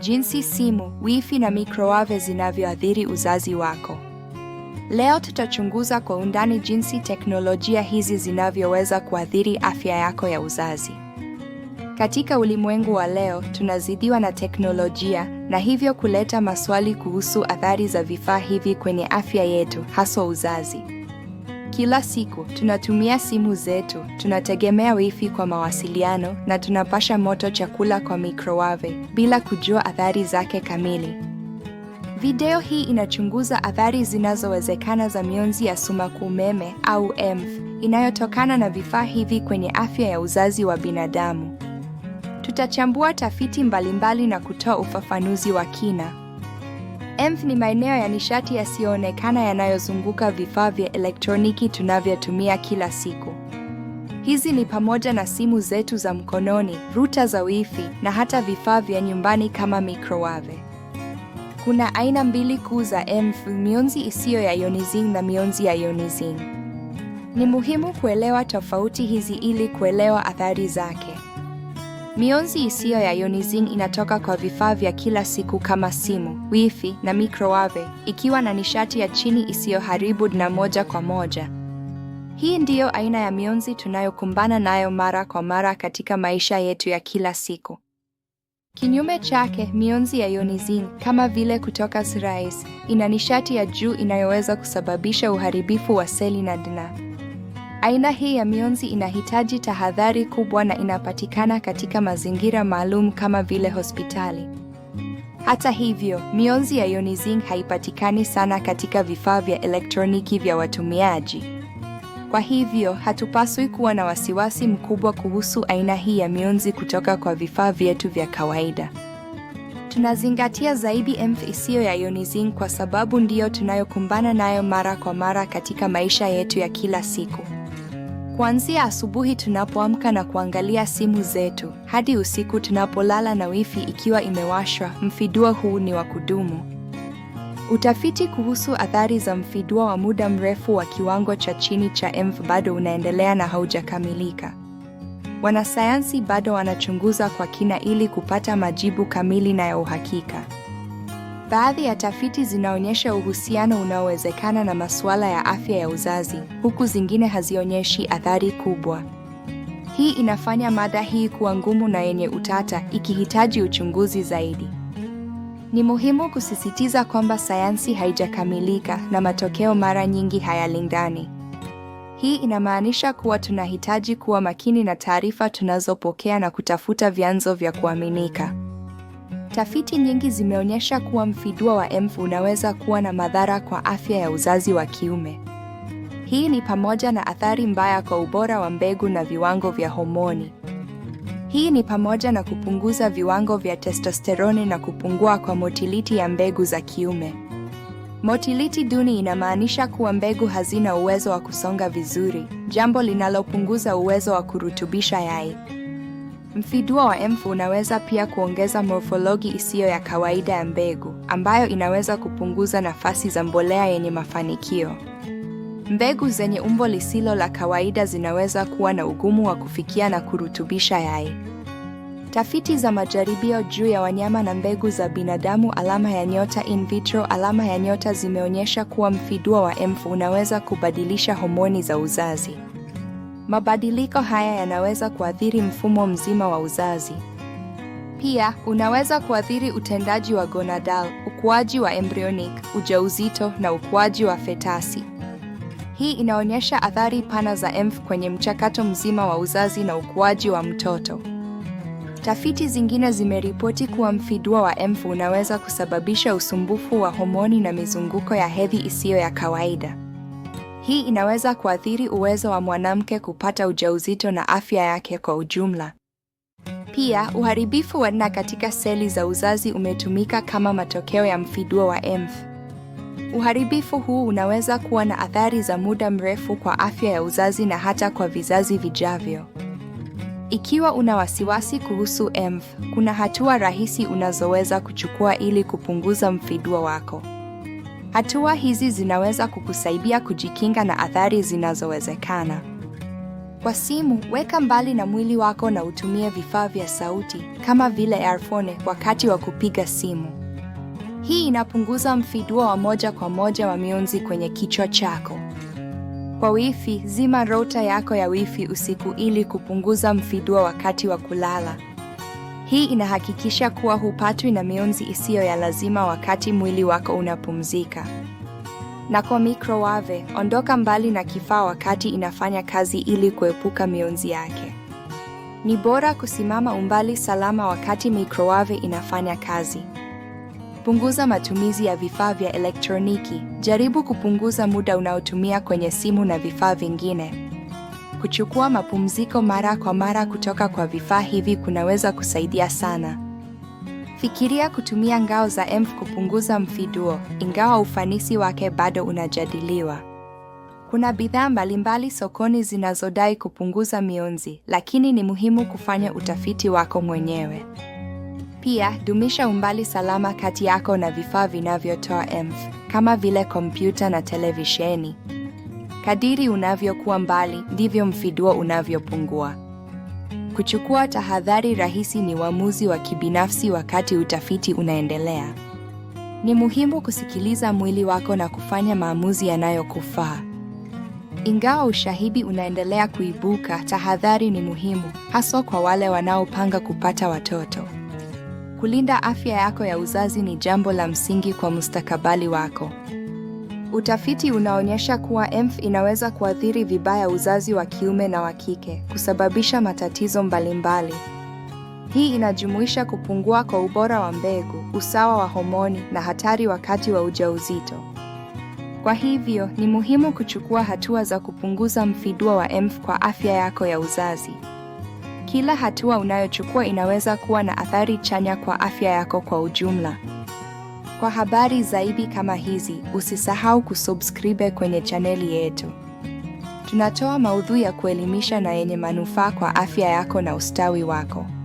jinsi simu, wifi na mikrowave zinavyoathiri uzazi wako. Leo tutachunguza kwa undani jinsi teknolojia hizi zinavyoweza kuathiri afya yako ya uzazi. Katika ulimwengu wa leo, tunazidiwa na teknolojia na hivyo kuleta maswali kuhusu athari za vifaa hivi kwenye afya yetu, haswa uzazi. Kila siku tunatumia simu zetu, tunategemea wifi kwa mawasiliano na tunapasha moto chakula kwa mikrowave bila kujua athari zake kamili. Video hii inachunguza athari zinazowezekana za mionzi ya sumaku umeme au EMF inayotokana na vifaa hivi kwenye afya ya uzazi wa binadamu. Tutachambua tafiti mbalimbali na kutoa ufafanuzi wa kina. EMF ni maeneo ya nishati yasiyoonekana yanayozunguka vifaa vya elektroniki tunavyotumia kila siku. Hizi ni pamoja na simu zetu za mkononi, ruta za wifi na hata vifaa vya nyumbani kama mikrowave. Kuna aina mbili kuu za EMF, mionzi isiyo ya ionizing na mionzi ya ionizing. Ni muhimu kuelewa tofauti hizi ili kuelewa athari zake. Mionzi isiyo ya ionizing inatoka kwa vifaa vya kila siku kama simu, wifi na mikrowave, ikiwa na nishati ya chini isiyoharibu na moja kwa moja. Hii ndiyo aina ya mionzi tunayokumbana nayo mara kwa mara katika maisha yetu ya kila siku. Kinyume chake, mionzi ya ionizing kama vile kutoka srais ina nishati ya juu inayoweza kusababisha uharibifu wa seli na DNA. Aina hii ya mionzi inahitaji tahadhari kubwa na inapatikana katika mazingira maalum kama vile hospitali. Hata hivyo, mionzi ya ionizing haipatikani sana katika vifaa vya elektroniki vya watumiaji. Kwa hivyo, hatupaswi kuwa na wasiwasi mkubwa kuhusu aina hii ya mionzi kutoka kwa vifaa vyetu vya kawaida. Tunazingatia zaidi EMF isiyo ya ionizing kwa sababu ndiyo tunayokumbana nayo mara kwa mara katika maisha yetu ya kila siku. Kuanzia asubuhi tunapoamka na kuangalia simu zetu hadi usiku tunapolala na wifi ikiwa imewashwa, mfiduo huu ni wa kudumu. Utafiti kuhusu athari za mfiduo wa muda mrefu wa kiwango cha chini cha MV bado unaendelea na haujakamilika. Wanasayansi bado wanachunguza kwa kina ili kupata majibu kamili na ya uhakika. Baadhi ya tafiti zinaonyesha uhusiano unaowezekana na masuala ya afya ya uzazi, huku zingine hazionyeshi athari kubwa. Hii inafanya mada hii kuwa ngumu na yenye utata, ikihitaji uchunguzi zaidi. Ni muhimu kusisitiza kwamba sayansi haijakamilika na matokeo mara nyingi hayalingani. Hii inamaanisha kuwa tunahitaji kuwa makini na taarifa tunazopokea na kutafuta vyanzo vya kuaminika. Tafiti nyingi zimeonyesha kuwa mfidua wa mf unaweza kuwa na madhara kwa afya ya uzazi wa kiume. Hii ni pamoja na athari mbaya kwa ubora wa mbegu na viwango vya homoni. Hii ni pamoja na kupunguza viwango vya testosteroni na kupungua kwa motiliti ya mbegu za kiume. Motiliti duni inamaanisha kuwa mbegu hazina uwezo wa kusonga vizuri, jambo linalopunguza uwezo wa kurutubisha yai mfiduo wa mfu unaweza pia kuongeza morfologi isiyo ya kawaida ya mbegu, ambayo inaweza kupunguza nafasi za mbolea yenye mafanikio. Mbegu zenye umbo lisilo la kawaida zinaweza kuwa na ugumu wa kufikia na kurutubisha yai. Tafiti za majaribio juu ya wanyama na mbegu za binadamu alama ya nyota in vitro alama ya nyota zimeonyesha kuwa mfidua wa mfu unaweza kubadilisha homoni za uzazi. Mabadiliko haya yanaweza kuathiri mfumo mzima wa uzazi. Pia unaweza kuathiri utendaji wa gonadal, ukuaji wa embryonic, ujauzito na ukuaji wa fetasi. Hii inaonyesha athari pana za EMF kwenye mchakato mzima wa uzazi na ukuaji wa mtoto. Tafiti zingine zimeripoti kuwa mfidua wa EMF unaweza kusababisha usumbufu wa homoni na mizunguko ya hedhi isiyo ya kawaida. Hii inaweza kuathiri uwezo wa mwanamke kupata ujauzito na afya yake kwa ujumla. Pia, uharibifu wa NA katika seli za uzazi umetumika kama matokeo ya mfiduo wa MF. Uharibifu huu unaweza kuwa na athari za muda mrefu kwa afya ya uzazi na hata kwa vizazi vijavyo. Ikiwa una wasiwasi kuhusu EMF, kuna hatua rahisi unazoweza kuchukua ili kupunguza mfiduo wako. Hatua hizi zinaweza kukusaidia kujikinga na athari zinazowezekana. Kwa simu, weka mbali na mwili wako na utumie vifaa vya sauti kama vile earphone wakati wa kupiga simu. Hii inapunguza mfiduo wa moja kwa moja wa mionzi kwenye kichwa chako. Kwa wifi, zima rota yako ya wifi usiku ili kupunguza mfiduo wakati wa kulala. Hii inahakikisha kuwa hupatwi na mionzi isiyo ya lazima wakati mwili wako unapumzika. Na kwa mikrowave, ondoka mbali na kifaa wakati inafanya kazi ili kuepuka mionzi yake. Ni bora kusimama umbali salama wakati mikrowave inafanya kazi. Punguza matumizi ya vifaa vya elektroniki. Jaribu kupunguza muda unaotumia kwenye simu na vifaa vingine. Kuchukua mapumziko mara kwa mara kutoka kwa vifaa hivi kunaweza kusaidia sana. Fikiria kutumia ngao za EMF kupunguza mfiduo, ingawa ufanisi wake bado unajadiliwa. Kuna bidhaa mbalimbali sokoni zinazodai kupunguza mionzi, lakini ni muhimu kufanya utafiti wako mwenyewe. Pia, dumisha umbali salama kati yako na vifaa vinavyotoa EMF kama vile kompyuta na televisheni. Kadiri unavyokuwa mbali, ndivyo mfiduo unavyopungua. Kuchukua tahadhari rahisi ni uamuzi wa kibinafsi wakati utafiti unaendelea. Ni muhimu kusikiliza mwili wako na kufanya maamuzi yanayokufaa. Ingawa ushahidi unaendelea kuibuka, tahadhari ni muhimu, haswa kwa wale wanaopanga kupata watoto. Kulinda afya yako ya uzazi ni jambo la msingi kwa mustakabali wako. Utafiti unaonyesha kuwa MF inaweza kuathiri vibaya uzazi wa kiume na wa kike, kusababisha matatizo mbalimbali. Hii inajumuisha kupungua kwa ubora wa mbegu, usawa wa homoni na hatari wakati wa ujauzito. Kwa hivyo, ni muhimu kuchukua hatua za kupunguza mfidua wa MF kwa afya yako ya uzazi. Kila hatua unayochukua inaweza kuwa na athari chanya kwa afya yako kwa ujumla. Kwa habari zaidi kama hizi, usisahau kusubscribe kwenye chaneli yetu. Tunatoa maudhui ya kuelimisha na yenye manufaa kwa afya yako na ustawi wako.